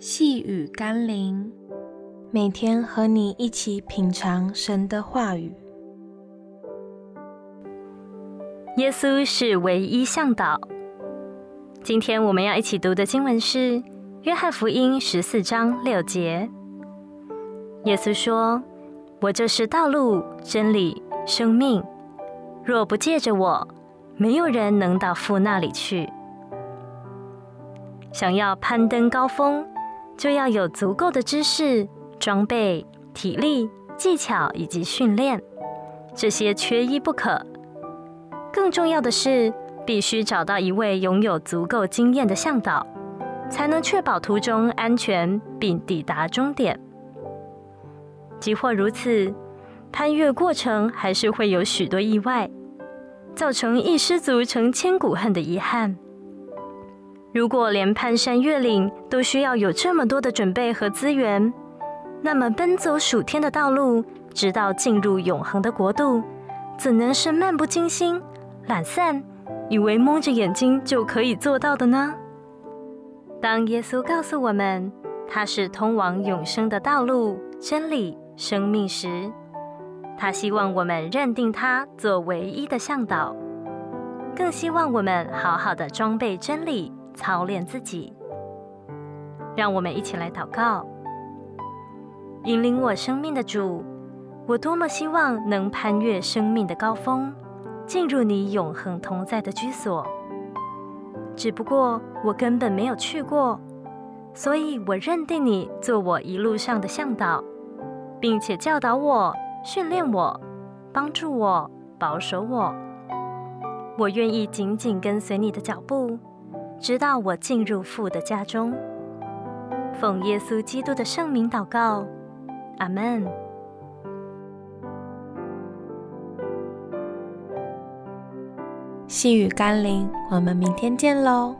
細語甘霖，每天和你一起品嘗神的話語。耶穌是唯一嚮導。今天我們要一起讀的經文是《約翰福音》十四章六節。耶穌說：“我就是道路、真理、生命。若不借着我，沒有人能到父那裡去。”想要攀登高峰，就要有足夠的知識、裝備、體力、技巧以及訓練，這些缺一不可。更重要的是，必須找到一位擁有足夠經驗的嚮導，才能確保途中安全並抵達終點。即或如此，攀越過程還是會有許多意外，造成一失足成千古恨的遺憾。如果連攀山越嶺都需要有這麼多的準備和資源，那麼奔走屬天的道路，直到進入永恆的國度，怎能是漫不經心、懶散，以為蒙着眼睛就可以做到的呢？當耶穌告訴我們他是通往永生的道路、真理、生命時，他希望我們認定他作唯一的向導，更希望我們好好的裝備真理。操練自己，讓我們一起來禱告。引領我生命的主，我多麼希望能攀越生命的高峰，進入你永恆同在的居所。只不過，我根本沒有去過，所以我認定你做我一路上的嚮導，並且教導我、訓練我、幫助我、保守我。我願意緊緊跟隨你的腳步。直到我進入父的家中，奉耶穌基督的聖名禱告，阿門。細語甘霖，我們明天見嘍。